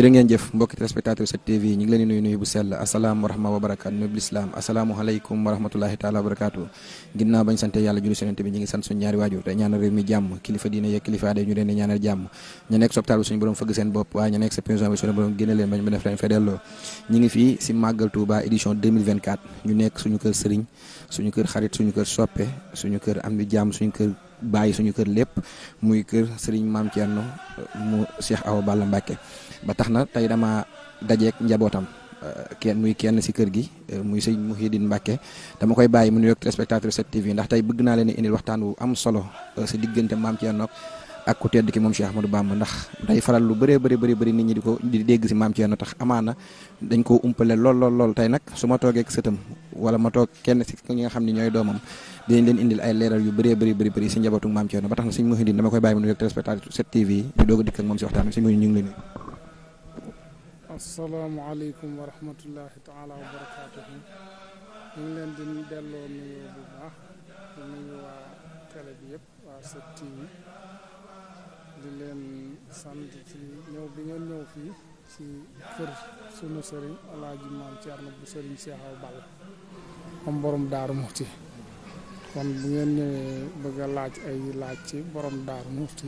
jërë ngeen jëf mbokki téléspectateur 7TV ñu ngi leen di nuyu bu sell asalaam wa wa barakaatu nuyu bil islam asalaamualeykum wa rahmatulahi wa barakaatu ginnaaw bañ sante yàlla julli sonente bi ñu ngi sant suñu ñaari waajur te ñaanal mi jàmm kilifa diine yeeg kilifa aade ñu nekk soptaal bi suñu borom fëgg seen bopp waaye ñu nekk sa prison bi suñu borom génne leen bañ ba leen fa delloo ngi fii si màggal Touba édition ñu nekk suñu bàyyi suñu kër lépp muy kër sëriñ maam Thierno uh, mu Cheikh aw Balla Mbacke ba tax na tey dama dajeek njabootam uh, kenn muy kenn si kër gi uh, muy sëñ Mouhidine Mbacke dama koy bàyyi mu nuyoog téléspectateur 7TV ndax tey bëgg naa leen indi waxtaan wu am solo si diggante maam Thierno ak ku tedd ki moom Cheikh Ahmadou Bamba ndax day faral lu bëree bëri bëri bëri nit ñi di ko di dégg si maam Thierno tax amaana dañ ko umpale lool lool lool nag su ma toogee ak sëtam wala ma toog kenn si ñi nga xam ne ñooy doomam dinañ leen indil ay leeral yu baree bëri bëri bëri si njabootu maam Thierno ba tax na suñ Mouhidine dama koy bàyyi mu nuyoog téléspectateur 7TV yi di doog a si waxtaan bi suñ Mouhidine ñu ngi lay nuyu. wa rahmatulahi taala leen di delloo nuyoo bu baax di leen sant ci ñëw bi ngeen ñëw fii ci kër sunu sëriñ alaaji maam Thierno bu sëriñ Cheikh Awa Balla moom borom daaru muxti kon bu ngeen ñëwee bëgg a laaj ay laaj ci borom daaru muxti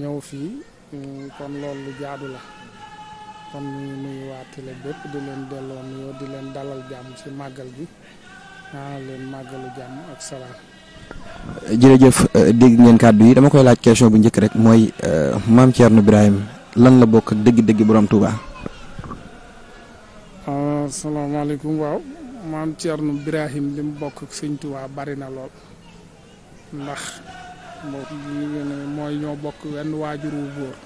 ñëw fii euh, kon loolu lu jaadu la kon ñu nuyu waa télé bépp di leen delloo nuyoo di leen dalal jàmm ci màggal bi ñaanal leen màggalu jàmm ak salaam jërëjëf euh, dégg ngeen kàddu yi dama koy laaj question bu njëkk rek mooy euh, maam nu Birahim lan la bokk dégg dégg dëgg borom Touba. asalaamaaleykum euh, waaw maam Thierno Birahim li mu bokk ak sëñ Touba bari na lool ndax mooy ñoo bokk wenn waajur wu góor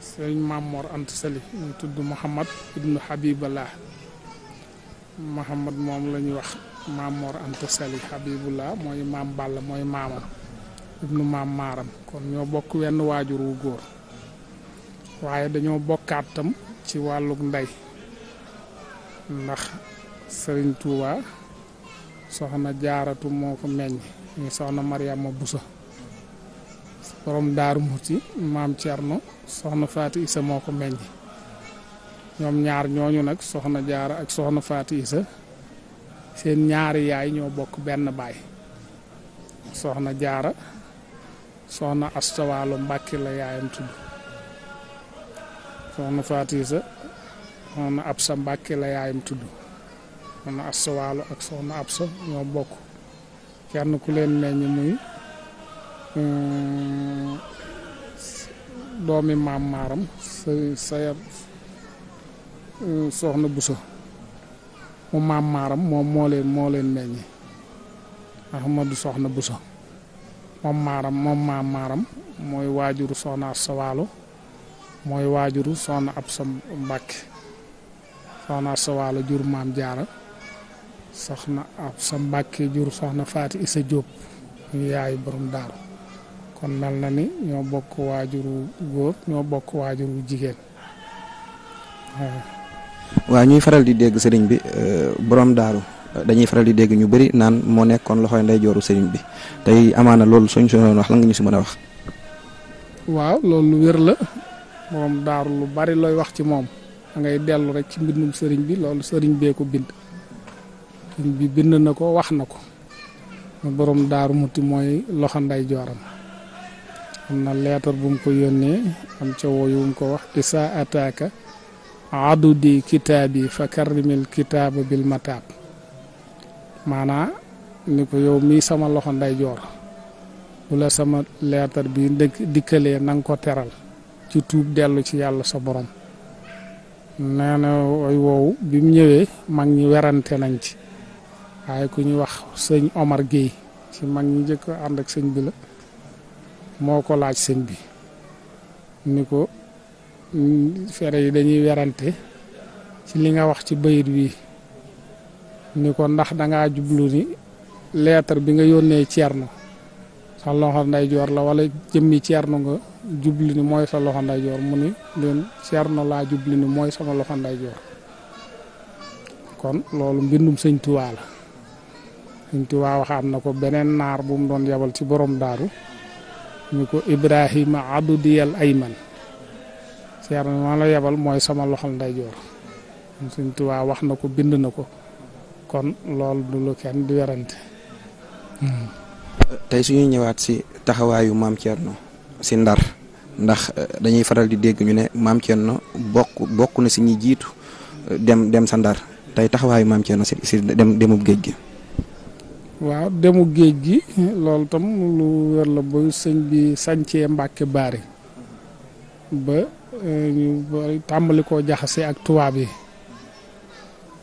sëñ Mamor Anta Sali ñu tudd Mouhamad ibnu Habiballah Mouhamad moom la wax. maam Mor Anta Sali Habibullah mooy maam Balla mooy maamam ibnu maam maaram kon ñoo bokk wenn waajur wu góor waaye dañoo bokkaat tam ci wàlluk ndey ndax sëriñ Touba soxna jaaratu moo ko meññ ñu soxna Mariama Busa borom daaru Muti maam Cerno soxna Faati Isa moo ko meññ ñoom ñaar ñooñu nag soxna jaara ak soxna Faati Isa seen ñaari yaay ñoo bokk benn baay soxna jaara soxna astawaalu mbàkki la yaayam tudd soxna faatisa soxna absa mbàkki la yaayam tudd soxna ak soxna absa ñoo bokk kenn ku leen meññ muy euh, doomi maam maaram sa sa euh, soxna buso mu maam maaram moom moo leen moo leen meññi Ahmadu soxna Buso moom maaram moom maam maaram mooy waajuru soxna Absa Waalo mooy waajuru soxna ab Mbàkke soxna Absa jur jaara soxna Absa Mbàkke jur soxna Faati Isa Jóob ñu yaayu borom daaru kon lal na ni ñoo bokk waajuru góor ñoo bokk waajuru jigéen waaw ñuy faral di dégg sëriñ bi euh, borom daaru dañuy faral di dégg ñu bari naan moo nekkoon loxooy ndeyjooru sëriñ bi tey amaana loolu suñ su doon wax lan nga ñu si mën a wax. waaw loolu wér la borom daaru lu bari looy wax ci moom da ngay dellu rek ci mbindum sëriñ bi loolu sëriñ bee ko bind. sëriñ bi bind na ko wax na ko borom daaru muti mooy loxo ndeyjooram am na leetar bu mu ko yónnee am ca wooyu bu ko wax isa ataaka. adudi kitaabi fa karrimil kitaaba bil mataab maanaa ni ko yow mii sama loxo nday joor bu la sama leetar bi dikkalee na nga ko teral ci tuub dellu ci yàlla sa borom nee wow way woowu bi mu ñëwee mag ñi werante nañ ci waaye ku ñuy wax sëñ Omar Guèye ci mag ñi njëkk ànd sëñ bi la moo ko laaj sëñ bi ni ko fere yi dañuy werante ci li nga wax ci bayit wi ni ko ndax dangaa jublu ni lettre bi nga yónnee Ceerno sa loxo ndeyjoor la wala jëmmi Ceerno nga jublu ni mooy sa loxo ndeyjoor mu ni leen laa jublu mooy sama loxo ndeyjoor kon loolu mbindum sëñ Tuubaa la sëñ Tuubaa waxaat na ko beneen naar bu mu doon yabal ci borom daaru ñu ko Ibrahima adudiyal ayman seer na ma la yebal mooy sama loxol ndeyjoor Sëñ Tuubaa wax na ko bind na ko kon lool du lu kenn di werante tey suñu ñëwaat si taxawaayu maam Thierno si ndar ndax eh, dañuy faral di dégg ñu ne maam Thierno bokk bokk na si ñi jiitu eh, dem dem sa ndar tey taxawaayu maam Thierno si si dem demub géej gi. waaw demu géej gi loolu tam lu wér la ba sëñ bi sancee Mbàkke Baari ba ñu tàmbali koo jaxase ak tubaab yi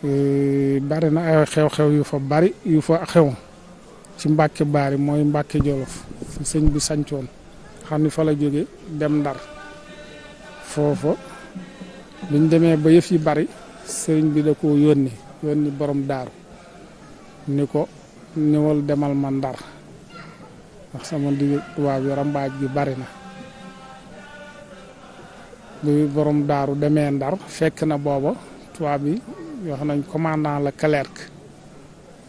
e, bari na ay xew-xew yu fa bari yu fa xew ci Mbàkke Baari mooy Mbàkke Jolof fi sëñ bi sancoon xam ni fa la jóge dem Ndar foofa biñ demee ba yëf yi bari sëñ bi da ko yónni yónni borom daaru ni ko ñëwal demal ma Ndar ndax sama digg tubaab yi rambaaj gi bari na bi boroom daaru demee ndar fekk na booba tubaab bi wax nañ commandant la Clerc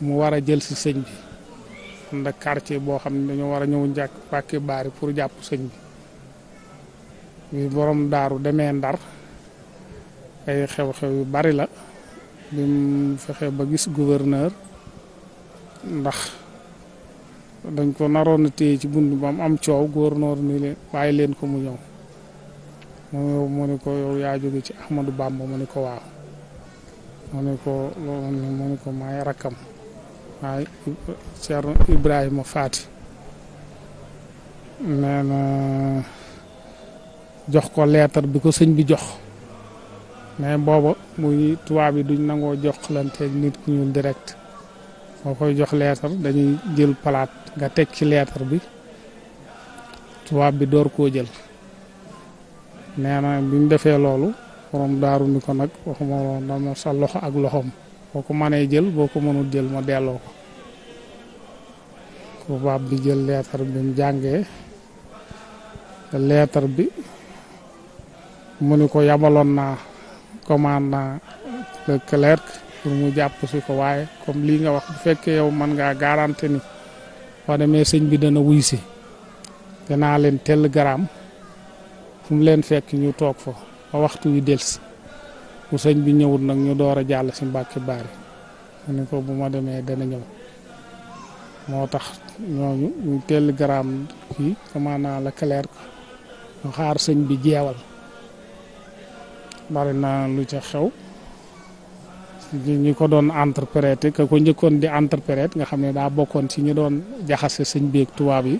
mu war a jël si sëñ bi ànd ak quartier boo xam ne dañoo war a ñëw njàkk pàkki baari pour jàpp sëñ bi bi borom daaru demee ndar ay xew-xew yu bari la bi mu fexe ba gis gouverneur ndax dañ ko naroon a téye ci bunt ba mu am coow gouverneur ni leen bàyyi leen ko mu ñëw mu mu ni ko yow yaa jóge ci Ahmadou Bamba mu ni ko waaw mu ni ko loolu mu ni ko maay rakkam waaye Ceerno Ibrahima Faati nee na jox ko leetar bi ko sëñ bi jox mais booba muy tubaab yi duñ nangoo joxlanteeg nit ku ñuul direct boo koy jox leetar dañuy jël palaat nga teg ci leetar bi tubaab bi door koo jël nee na bi ñu defee loolu borom daaru ni ko nag waxuma woon dama sa loxo ak loxoom boo ko mënee jël boo ko mënul jël ma delloo ko ko baab bi jël leetar bi mu jàngee bi mu ni ko yabaloon naa commande naa le pour mu jàpp si ko waaye comme lii nga wax bu fekkee yow man ngaa garanti ni boo demee sëñ bi dana wuy si danaa leen tell garaam fu mu leen fekk ñu toog fa ba waxtu yu delsi bu sëñ bi ñëwut nag ñu door a jàll si mbàkki baari mu ne ko bu ma demee dana ñëw moo tax ñooñu ñu télégramme kii comment naa la clair ñu xaar sëñ bi jeewal bari na lu ca xew ñu ko doon interpréter ka ko njëkkoon di interpréter nga xam ne daa bokkoon si ñu doon jaxase sëñ bi ak tubaab yi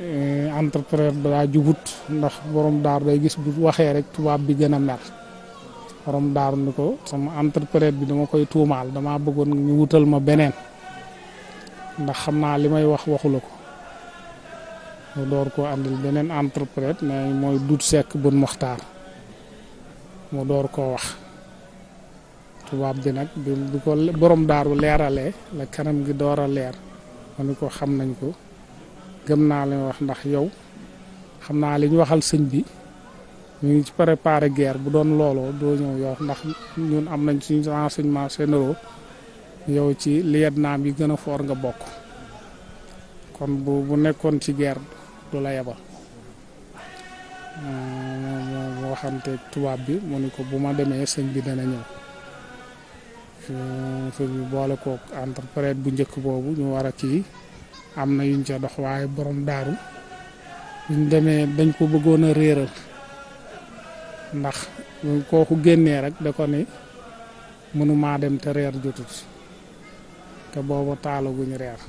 Eh, entrepreneur balaa jugut ndax borom daar day gis bu waxee rek tubaab bi gën a mer borom daar ni ko sama entrepreneur bi dama koy tuumaal dama bëggoon ñu wutal ma beneen ndax xam naa li may wax waxula ko mu door koo andil beneen entrepreneur mais mooy dut sekk bun moxtaar mu door koo wax tubaab bi nag bi ko borom daaru leerale la kanam gi door a leer ma ni ko xam nañ ko gëm naa la wax ndax yow xam naa li ñu waxal sëñ bi ñu ngi ci préparé guerre bu doon looloo doo ñëw yow ndax ñun am nañ suñu renseignement généraux yow ci lieutenant yi gën a foor nga bokk kon bu bu nekkoon ci guerre du la yebal euh, mu waxante tubaab bi mu ni ko bu ma demee sëñ bi dana ñëw euh, sëñ bi boole kook interprète bu njëkk boobu ñu war a kii am na yuñ ca dox waaye borom daaru yuñ demee dañ ko bëggoon a réeral ndax kooku génnee rek da ko ni mënumaa dem te reer jotut te booba taalaguñ reer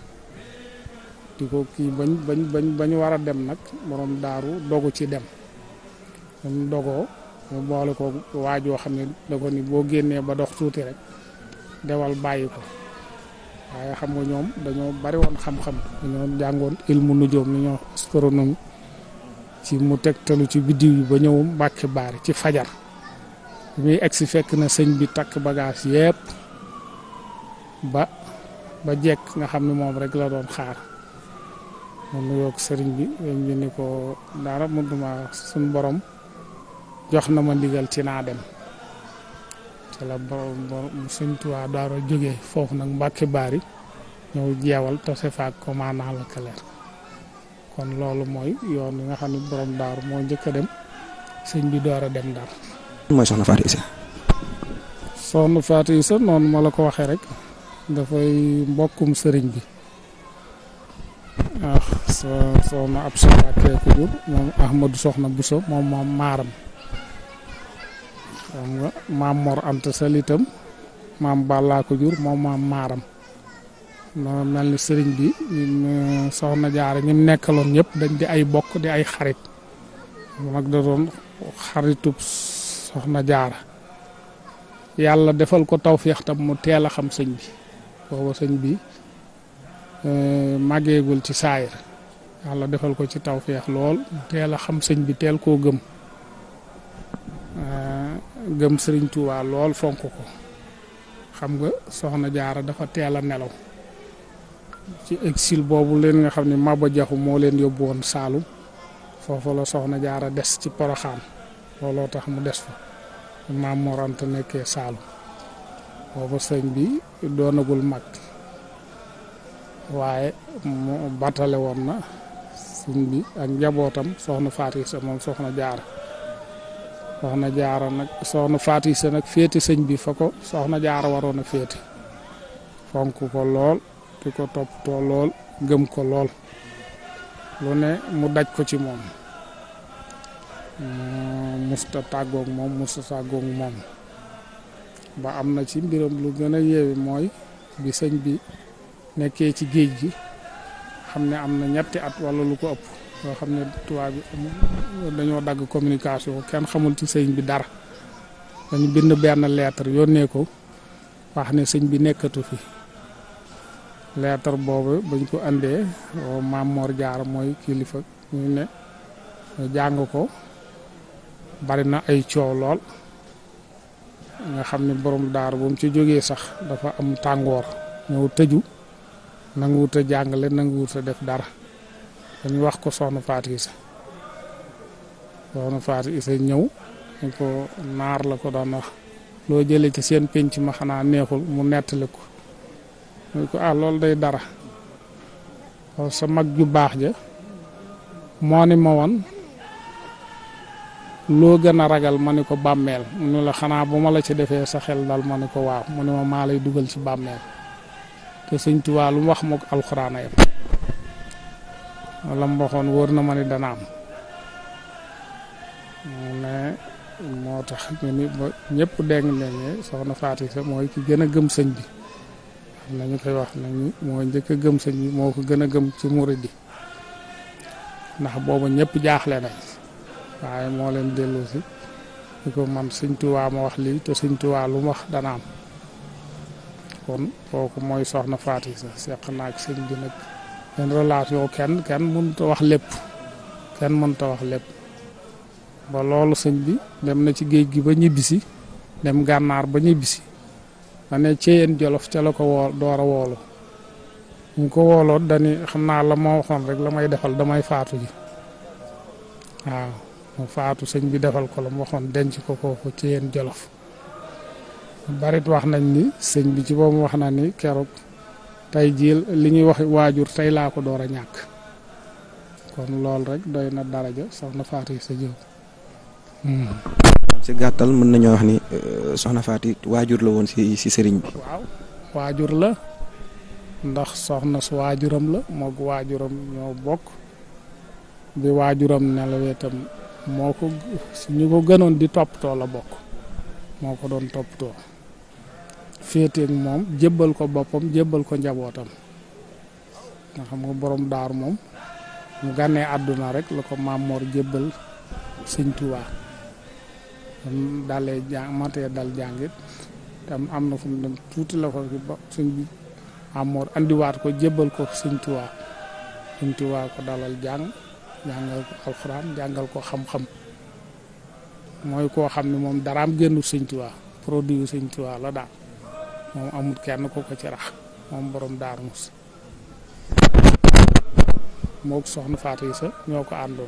di ko kii bañ bañ bañ bañ war a dem nag borom daaru dogu ci dem mu dogoo mu boole ko waajoo xam ne da ko ni boo génnee ba dox tuuti rek dewal bàyyi ko waaye xam nga ñoom dañoo bari woon xam-xam dañoo jàngoon ilmu nujoom ni ñoo astronomie ci mu teg tegtalu ci biddiw yi ba ñëw Mbàkke Baari ci fajar bi muy egsi fekk na sëñ bi takk bagaas yépp ba ba jekk nga xam ne moom rek la doon xaar mu nuyoog sëriñ bi sëriñ bi ni ko dara mënuma suñ borom jox na ma ndigal ci naa dem te la borom borom sëñ Tuubaa daara jógee foofu nag Mbàkke Baari ñëw jeewal tase faak commandant la kaleer kon loolu mooy yoon yi nga xam ne borom daaru moo njëkk a dem sëñ bi door a dem Ndar. mooy soxna Fatou Issa. soxna Fatou Issa noonu ma la ko waxee rek dafay mbokkum sëriñ bi ah soxna ab soxna ak moom Ahmadou soxna Bousso moom maaram. maam Mor Anta Sali itam maam Balla ko jur moom maam Maaram mel ni sëriñ bi euh, soxna jaara ñi nekkaloon ñëpp dañ di ay bokk di ay xarit mag da doon xaritub soxna jaara yàlla defal ko tawféex tam mu teel a xam sëñ bi booba sëñ bi euh, màggeegul ci saayir yàlla defal ko ci tawféex lool mu teel a xam sëñ bi teel koo gëm gëm sëriñ Touba lool fonk ko xam nga soxna jaara dafa teel a nelaw ci exil boobu leen nga xam ne Maba Jaxu moo leen yóbbu woon Saalum foofu la soxna jaara des ci poroxaan looloo tax mu des fa maam Morant nekkee Saalum boobu sëñ bi doonagul mag waaye mu batale woon na sëñ bi ak njabootam soxna Faati sa moom soxna jaara soxna jaara nag soxna faati sa nag féete sëñ bi fa ko soxna jaara waroon a féete fonk ko lool ki ko toppatoo lool gëm ko lool lu ne mu daj ko ci moom mm, musta tàggoog moom musta tàggoog moom ba am na ci mbiram lu gën a yéewi mooy bi sëñ bi nekkee ci géej gi xam ne am na ñetti at walla lu ko ëpp yoo xam ne tubaab bi dañoo dagg communication kenn xamul ci sëñ bi dara dañu bind benn lettre yónnee ko wax ne sëñ bi nekkatu fi lettre boobu bañ ko andee maam Mor Jaara mooy kilifa ñu ne jàng ko bari na ay coow lool nga xam ne borom daar bu mu ci jógee sax dafa am tàngoor ñëw tëju nanguwut a jàngale nanguwut a def dara dañu wax ko soxna Fatou Issa soxna Fatou Issa ñëw ñu ko naar la ko daan wax loo jëlee ci seen penc ma xanaa neexul mu nettali ko muy ah, loolu day dara sa mag ju baax ja moo ni ma won loo gën a ragal ma ni ko bàmmeel mu ne la xanaa bu ma la ci defee sa xel dal ma ni ko waaw mu ne ma maa lay dugal ci bàmmeel te sëñ Tuubaa lu mu wax moog alxuraan a lam waxoon wóor na ma ni dana am mu moo tax ñu ni ba ñëpp dégg nañ soxna Faati sa mooy ki gën a gëm sëñ bi nañu na koy wax nañu mooy njëkk gëm sëñ bi moo ko gën a gëm ci murid yi ndax boobu ñëpp jaaxle nañ waaye moo leen dellu si ko man sëñ Tuubaa ma wax lii te sëñ Tuubaa lu mu wax dana am kon kooku mooy soxna Faati sa seq naag sëñ bi nag leen relation kenn kenn mënta wax lépp kenn mënta wax lépp ba loolu sëñ bi dem na ci géej gi ba ñibbisi dem gànnaar ba ñibbisi ma ne Ceyeen Jolof ca la ko woo door a woolu ñu ko wooloon dani xam naa la moo waxoon rek la may defal damay faatu ji waaw mu faatu sëñ bi defal ko la mu waxoon denc ko kooku Ceyeen Jolof barit wax nañ ni sëñ bi ci boobu wax na ni keroog tey jii li ñuy wax waajur tey laa ko door a ñàkk kon loolu rek doy na daraja soxna Faati sa jëw si hmm. gàttal mën nañoo wax ni euh, soxna Faati waajur la woon ci ci sëriñ bi. waaw waajur la ndax soxna su waajuram la moog waajuram ñoo bokk bi waajuram nelawee tam moo ko ñu ko gënoon di toppatoo la bokk moo ko doon toppatoo. féeteeg moom jébbal ko boppam jébbal ko njabootam nga xam nga borom daar moom mu gànnee àdduna rek la ko maam Mor jébbal sëñ Tuubaa dalee jàng matee dal jàngit tam am na fu mu dem tuuti la ko ba sëñ ko jébbal ko sëñ Tuubaa ko dalal jàng jàngal ko alxuraan jàngal ko xam-xam mooy koo xam ne moom daraam génnu sëñ Tuubaa produit yu la daal moom amul kenn ko ko ci rax moom borom Daaru Muxti moo soxna Fatou Issa ñoo ko àndoon.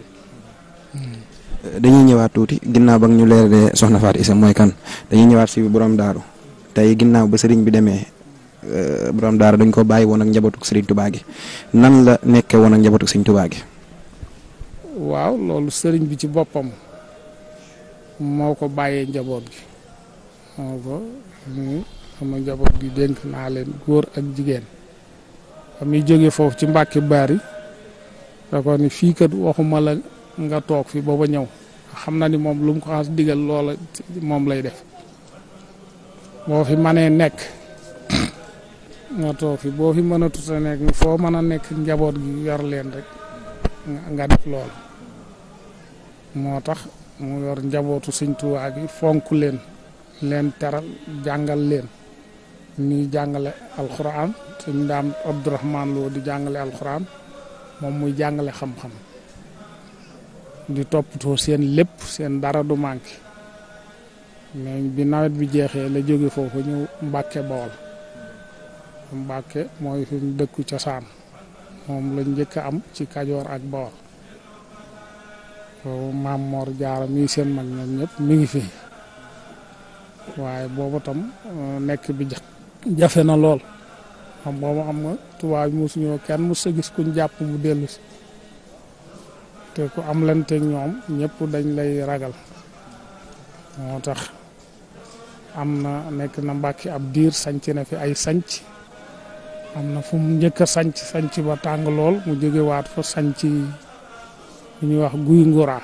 dañuy ñëwaat tuuti ginnaaw ba ñu leeralee soxna Fatou mooy kan dañuy ñëwaat si borom daaru tey ginnaaw ba sëriñ bi demee euh, borom daaru dañ ko bàyyi woon ak njabootu sëriñ Tubaa gi nan la nekkee woon ak njabootu sëriñ Tubaa waaw loolu sëriñ bi ci boppam moo ko bàyyee njaboot gi sama njaboot gi dénk naa leen góor ak jigéen ba muy jóge foofu ci mbàkki baari da ko ni fii kat waxuma la nga toog fi booba ñëw xam na ni moom lu ko xas digal loola moom lay def boo fi mënee nekk nga toog fi boo fi mën a nekk foo mën a nekk njaboot gi yor leen rek nga def loolu moo tax mu yor njabootu Sëñ Tuubaa gi fonk leen leen teral jàngal leen ñuy jàngale alxuraan suñ di jàngale alxuraan moom muy jàngale xam-xam di toppatoo seen lépp seen dara du manqué mais bi nawet bi jeexee la jóge foofu ñëw Mbàkke Bawol Mbàkke mooy fi mu dëkku cosaan moom lañ njëkk a am ci Kajoor ak Bawol Maam Moor jaaro mii seen mag ñoom ñëpp mi ngi fi waaye boobu tam euh, nekk bi jëkk jafe na lool xam moom am nga tubaab yi suñu kenn mu a kuñ jàpp mu dellu si te ku am lante ñoom ñëpp dañ lay ragal moo tax am na nekk na mbàkki ab diir sañc na fi ay sanc am na fu mu njëkk a sañc sanc ba tàng lool mu jógewaat fa sanc lu ñuy wax guy nguraa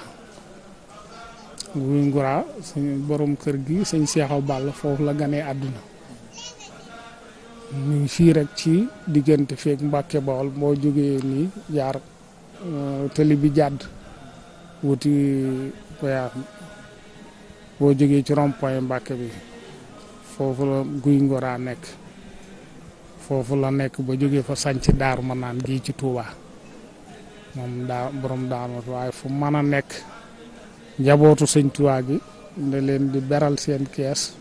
guy nguraa suñ borom kër gi sëñ Seexaw Bàll foofu la ganee àdduna ñu fii rek ci diggante feek Mbàkke Bawol moo jógee nii jaar euh, tëli bi jàdd wuti boo jógee ci rond-point bi foofu la guy Ngora nekk foofu la nekk ba jógee fa sanc daar ma naan gii ci tuuba moom daa borom daanut waaye fu mën a nekk jabootu sëñ Touba gi da leen di beral seen kees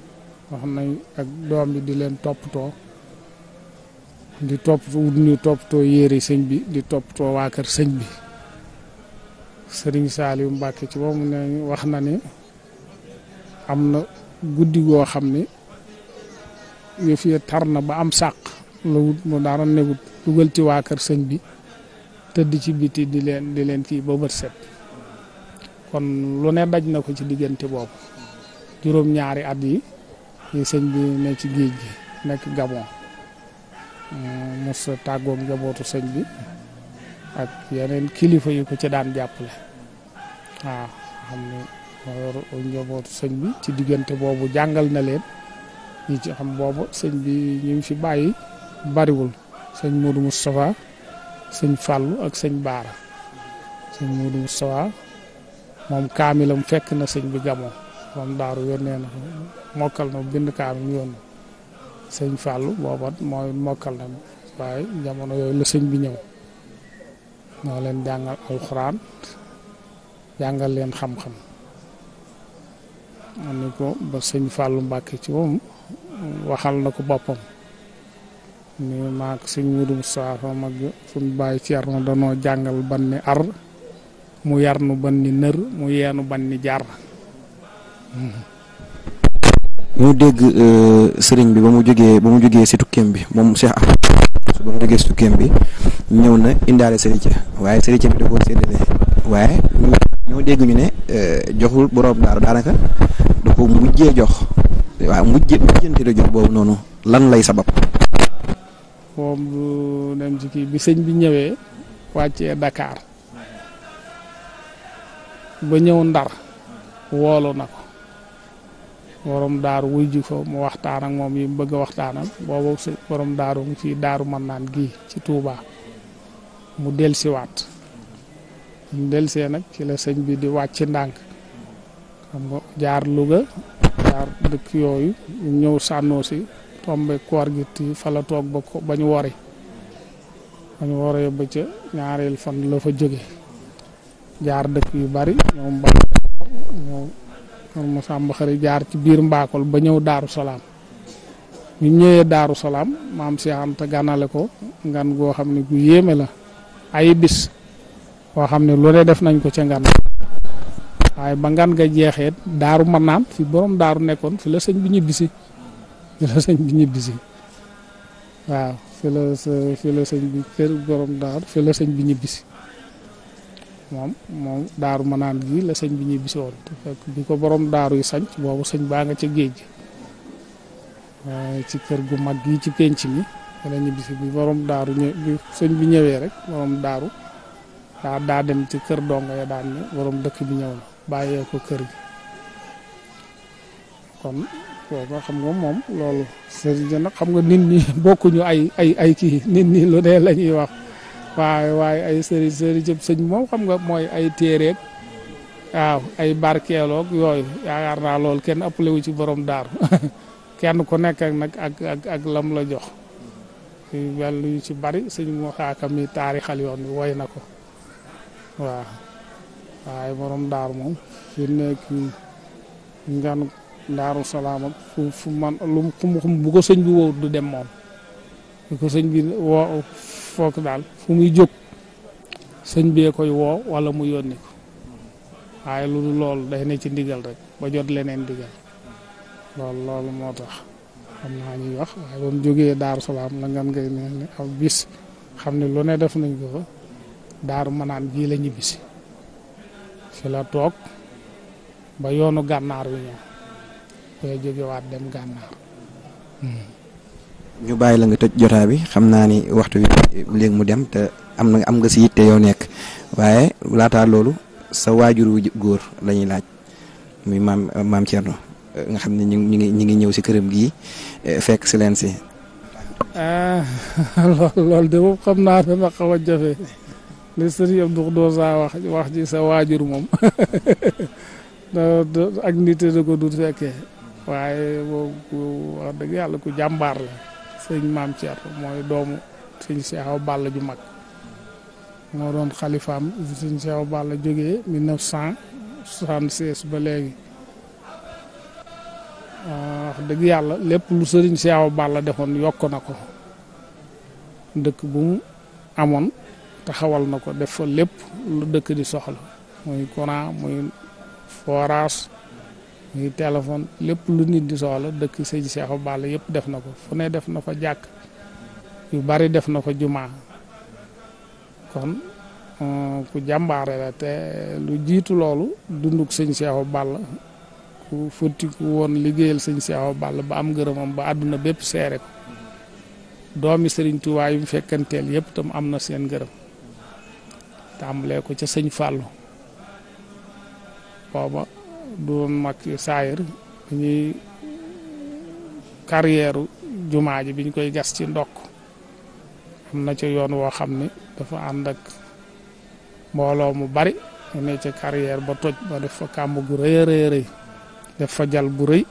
doom bi di leen toppatoo di topp wut ñu toppatoo yére sëñ bi di toppatoo waa kër sëñ bi sëriñ Saliou Mbacke ci moom ne wax na ni am na guddi goo xam ni yëf ya tar na ba am sàq la wut mu daana negut dugal ci waa kër sëñ bi tëdd ci biti di leen di leen kii ba bët set kon lu ne daj na ko ci diggante boobu juróom-ñaari at yi yi sëñ bi ne ci géej gi nekk Gabon mos a tàggoog njabootu sëñ bi ak yeneen kilifa yi ci daan jàppale waaw sëñ bi ci diggante boobu jàngal na leen ñi ci xam boobu sëñ bi ñu ngi fi bàyyi bariwul sëñ Modou sëñ Fallou ak sëñ Baara sëñ Modou Moustapha moom fekk na sëñ bi gamoo moom daaru yónnee na mokkal na bind kaamil yónnee sëñ Fallou booba mooy mokkal na waaye jamono yooyu la sëñ bi ñëw moo leen jàngal alxuraan jàngal leen xam-xam am ni ko ba sëñ Fallou Mbàkke ci moom waxal na ko boppam ni maak sëñ Mudu Saafa mag suñ bàyyi ci yar na danoo jàngal ban ni ar mu yar nu ban ni nër mu yeenu ban ni jaar ñu dégg euh, sëriñ bi ba mu jógee ba mu jógee si tukkeem bi moom Cheikh Ahmed ba mu jógee si tukkeem bi ñëw na indaale sëriñ waaye sëriñ bi da koo séddale waaye ñoo dégg ñu ne euh, joxul borom daaru daanaka da ko mujjee jox waaw mujjee mujjante jox boobu noonu lan lay sabab. bi sëñ bi ñëwee wàccee Dakar ba ñëw Ndar woolu na borom daaru wuy ji ko mu waxtaan moom yi mu bëgg a waxtaanal boobu si borom daaru ngi fii daaru mën naan ci Touba mu delsiwaat mu delsee nag ci la sëñ bi di wàcc ndànk xam jaar luga jaar dëkk yooyu ñëw sànnoo si tombe koor gi ti fa toog ba ko ba wori ba ñu ba ca ñaareel fan la fa jóge jaar dëkk yu bari ñoom ba kër Masamba Xari jaar ci biir mbaakool ba ñëw Daaru solaam ñu ñëwee Daaru solaam maam Cheikh Anta ganale ko ngan goo xam ne gu yéeme la ay bis koo xam ne lu ne def nañ ko ca ngan waaye ba ngan nga jeexeet daaru mën naan fi borom daaru nekkoon fi la sëñ bi ñibbisi fi la sëñ bi ñibbisi waaw fi la fi la sëñ bi kër borom daaru fi la sëñ bi ñibbisi moom moom daaru manaan gi la sëñ bi ñibbisi woon te bi ko borom daaru sañ boobu sëñ baa nga ca géej gi waaye ci kër gu mag gi ci pénc mi la ñibbisi bi borom daaru ñëw bi ñëwee rek borom daaru daa dem ci kër dongo ya daan ne borom dëkk bi ñëw na bàyyee ko kër gi kon kooku xam nga moom loolu sëriñ nag xam nga nit ñi bokkuñu ay ay ay kii nit ñi lu ne la wax waaye waaye ay sëriñ sëriñ jëm moom xam nga mooy ay téereeg waaw ay barkeeloog yooyu yaakaar naa lool kenn appelé wu ci boroom daaru kenn ku nekk ak nag ak ak ak lam la jox wàllu yu ci bari sëñ Musaa Ka mi taarixal bi woy na ko waaw waaye borom daaru moom fi nekk ngan daaru salaam fu fu man xum xum bu ko sëñ bi wowut du dem moom bu ko sëñ bi wo foog daal fu muy jóg sëñ bee koy woo wala mu yónni ko waaye loolu loolu day ne ci ndigal rek ba jot leneen ndigal loolu loolu moo tax xam naa ñuy wax waaye ba mu jógee Daaru Salaam la ngan ngay ne aw bis xam ne lu ne def nañ ko fa manaan gii la ñibbisi fi la toog ba yoonu gànnaar wi ñëw koy jógewaat dem gànnaar hmm. ñu bàyyi la nga tëj jotaa bi xam naa ni waxtu bi léegi mu dem te am na am nga si yitte yoo nekk waaye laataa loolu sa waajur góor lañuy laaj muy maam maam Thierno nga xam ne ñu ngi ñu ngi ñëw si këram gi fekk si leen si. Ah, loolu de moom xam naa dama xaw a jafe li wax sa waajur moom ak nit da ko dut fekkee waaye boobu dëgg yàlla ku jàmbaar la. sëñ maam Thierno mooy doomu sëñ Cheikh Balla ju mag moo doon xalifaam sëñ Cheikh Balla jógee 1976 ba léegi ah, dëgg yàlla lépp lu sëriñ Cheikh Balla defoon yokk na ko dëkk bu mu amoon taxawal na ko def fa lépp lu dëkk di soxla muy courant muy forage. muy téléphone lépp lu nit di soxla dëkk sëñ Seexu Balla yëpp def na ko fu ne def na fa jàkk yu bari def na ko jumaa kon euh, ku jàmbaare la te lu jiitu loolu dunduk sëñ Seexu Balla ku fottiku woon liggéeyal sëñ Seexu Balla ba am ngërëmam ba àdduna bépp seere ko doomi sëriñ Tuubaa yu mu fekkanteel yëpp tam am na seen ngërëm tàmbalee ko ca sëñ Fàllu booba du woon mag saayir ñuy carrière jumaa ji biñ koy gas ci ndokk am na ci yoon woo xam ne dafa ànd ak mbooloo mu bari ne ca carrière ba toj ba def fa kàmb gu rëy a rëy def fa jal bu rëy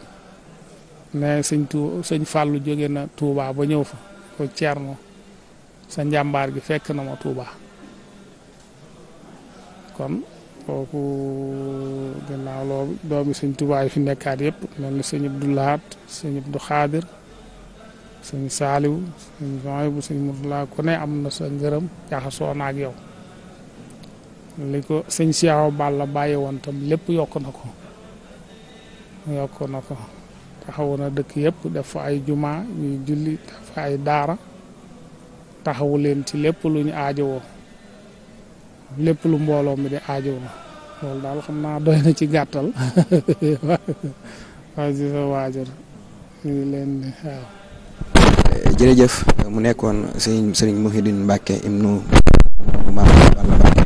mais sëñ tu sëñ fàllu jóge na tuubaa ba ñëw fa ko Ceerno sa njàmbaar gi fekk na ma Touba kon kooku woo doomi sëñ Tuubaa fi nekkaat yëpp mel na sëñ Abdu Lahat sëñ Abdu Xaadir Saaliw sëñ Joy bu sëñ Murtala ku ne am na sa ngërëm jaxasoo na yow li ko sëñ Seexu Balla bàyyi woon tam lépp yokk na ko yokk na taxawu na dëkk yépp def fa ay jumaa ñuy julli def fa ay daara taxawu leen ci lépp lu ñu aajowoo lépp lu mbooloo mi di aajowoo loolu daal xam naa doy na ci gàttal waaye si mu nekkoon sëriñ sëriñ Mouhidine Mbacke ibnu Maam Balla Mbacke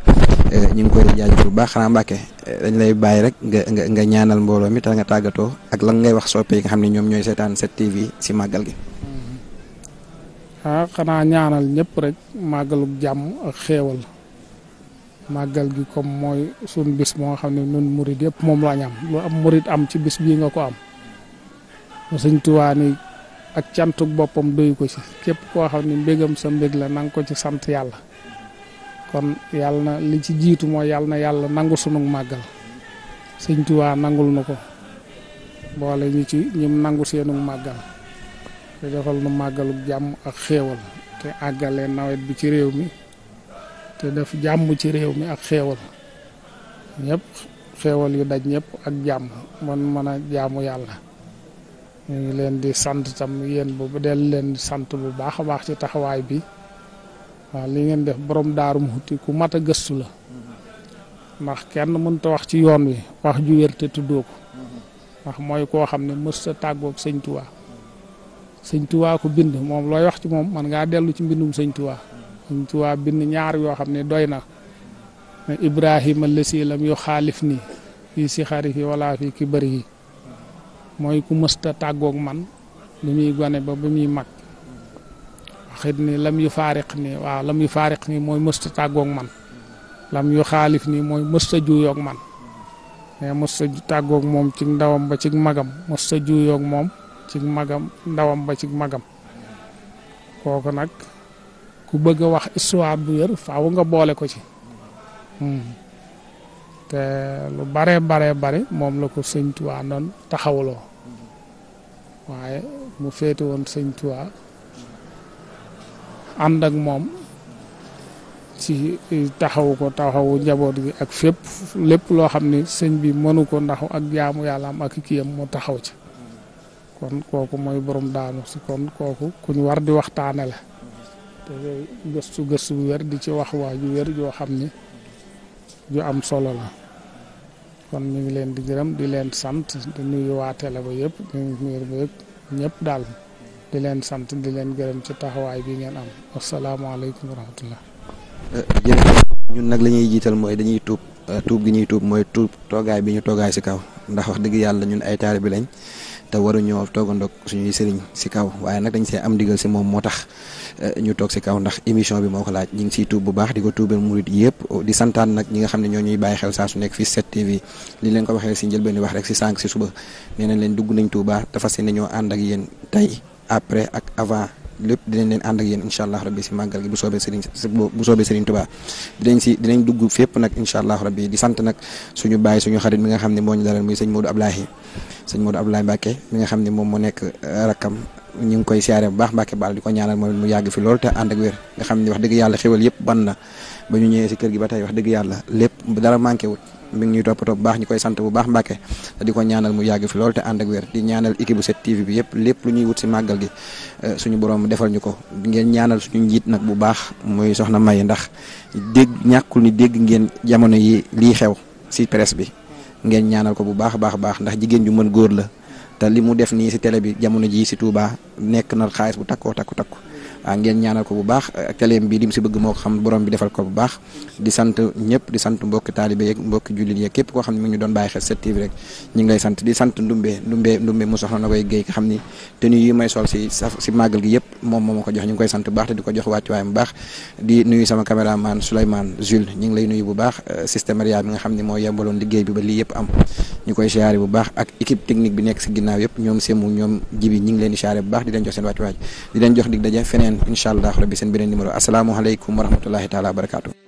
eh, ñu ngi koy jaajëfal bu baax xanaa Mbacke eh, dañ lay bàyyi rek nga nga ñaanal mbooloo mi te nga tàggatoo ak lan ngay wax soppe yi nga xam ne ñoom ñooy seetaan 7TV si màggal gi. Mm-hmm. ah xanaa ñaanal ñëpp rek màggalug jàmm ak xéewal. màggal gi comme mooy suñ bis moo xam ne nun murit yëpp moom lañ am lu am murit am ci bis bii nga ko am sëñ Tuubaa ak cantuk boppam doy ko ci képp koo xam ne mbégam sa mbég la nanga ko ci sant yàlla kon yàlla na li ci jiitu mooy yàlla na yàlla nangu sunu màggal sëñtuwaa Tuubaa nangul nu ko boole ñu ci ñim nangu seenu màggal te defal nu màggaluk jàmm ak xéewal te àggale nawet bi ci réew mi te def jàmm ci réew mi ak xéewal ñëpp xéewal yu daj ñëpp ak jàmm mën mën a jaamu yàlla ñu ngi leen di sant tam yéen bu dell leen sant bu baax a baax ci taxawaay bi waaw li ngeen def borom daaru Muxti ku mat a gëstu la ndax kenn mënta wax ci yoon wi wax ju wér te tuddoo ko ndax mooy koo xam ne mës sa tàggoog sëñ Tuubaa ko bind moom looy wax ci moom man ngaa dellu ci mbindum sëñ Sëñ Tuubaa bind ñaar yoo xam ne doy na ibrahima lësi lam yu xaalif nii fii si xari fi wala fi ki bëri yi mooy ku mësta tàggook man bi muy gone ba bi muy mag waxit ni lam yu faariq ni mooy mësta tàggook man lam yu xaalif ni mooy mësta juuyoog man mais mësta tàggoog moom ci ndawam ba ci magam mësta juuyoog moom ci magam ndawam ba ci magam kooku nag ku bëgg a wax histoire bu wér faaw nga boole ko ci hmm. te lu bare bare bare moom la ko sëñ Tuubaa noonu taxawaloo waaye mu féete woon sëñ Tuubaa ànd moom si taxawu ko taxawu njaboot gi ak fépp lépp loo xam ne sëñ bi mënu ko ndax ak jaamu yàlla am ak kiyam mu taxaw ci kon kooku mooy borom daanu si kon kooku ku war di waxtaane la gëstu gëstu bu wér di ci wax wax ju wér joo xam ni ju am solo la kon mu ngi leen di gërëm di leen sant di nuyu waa yëpp di ñëpp daal di leen sant di leen gërëm ci taxawaay bi ngeen am asalaamaaleykum wa rahmatullah. ñun nag la ñuy jiital mooy dañuy tuub tuub gi ñuy tuub mooy tuub toogaay bi ñu toogaay ci kaw ndax wax dëgg yàlla ñun ay bi lañ. te waruñoo toogandoog suñuy sëriñ si kaw waaye nag dañ see am ndigal si moom moo tax eh, ñu toog si kaw ndax émission bi moo ko laaj ñu ngi siy tuub bu baax di ko tuubal murit yëpp di santaan nag ñi nga xam ne ñoo ñuy bàyyi xel saa su nekk fii 7TV li leen ko waxee si njëlbeen wax rek si sànq si suba nee nañ leen dugg nañ Tuuba dafa seen ne ñoo ànd ak yéen tey après ak avant lépp dinañ leen ànd ak yéen incha allah rabbi si màggal gi bu soobee Serigne bu soobee Serigne Touba dinañ si dinañ dugg fépp nag incha allah rabbi di sant nag suñu bàyyi suñu xarit mi nga xam ne moo ñu dalal muy sëñ Modou Ablaye sëñ Modou nga xam ne moom moo nekk uh, rakkam ñu ngi koy siyaare bu baax Mbacke Baal di ko ñaanal moom mu yàgg fi lool te ànd ak wér nga xam ne wax dëgg yàlla xéwal yëpp ban na ba ñu ñëwee si kër gi ba tey wax dëgg yàlla lépp dara manqué wut mi ñuy toppatoo bu baax ñu koy sant bu baax Mbàkke di ko ñaanal mu yàgg fi lool te ànd ak wér di ñaanal équipe bu 7TV bi yëpp lépp lu ñuy wut si màggal gi eh, suñu borom defal ñu ko ngeen ñaanal suñu njiit nag bu baax muy soxna May ndax dégg ñàkkul ni dégg ngeen jamono yi lii xew si presse bi ngeen ñaanal ko bu baax baax baax ndax jigéen ju mën góor la te li mu def nii si tele bi jamono jii si Touba nekk na xaalis bu takkoo takku takku Ah, ngeen ñaanal ko bu baax ak eh, teleem bi lim si bëgg moo ko xam borom bi defal ko bu baax di sant ñëpp di sant mbokki taalibe yeeg mbokki jullit yeeg képp xam ne mu ngi doon bàyyi xel 7TV rek ñu ngi koy yëpp moom moo ko jox koy sant bu baax ko jox wàccuwaay bu baax di nuyu sama caméraman bu eh, ba lii yëpp am ñu koy siyaare bu baax ak équipe technique bi nekk si ginnaaw yëpp ñoom semu ñoom jibi ñi leen di bu baax di leen jox seen wàccuwaay di leen jox dig daje feneen beneen allah rabbi seen beneen numéro asalaamualeykum wa rahmatullahi taala wa barakaatu.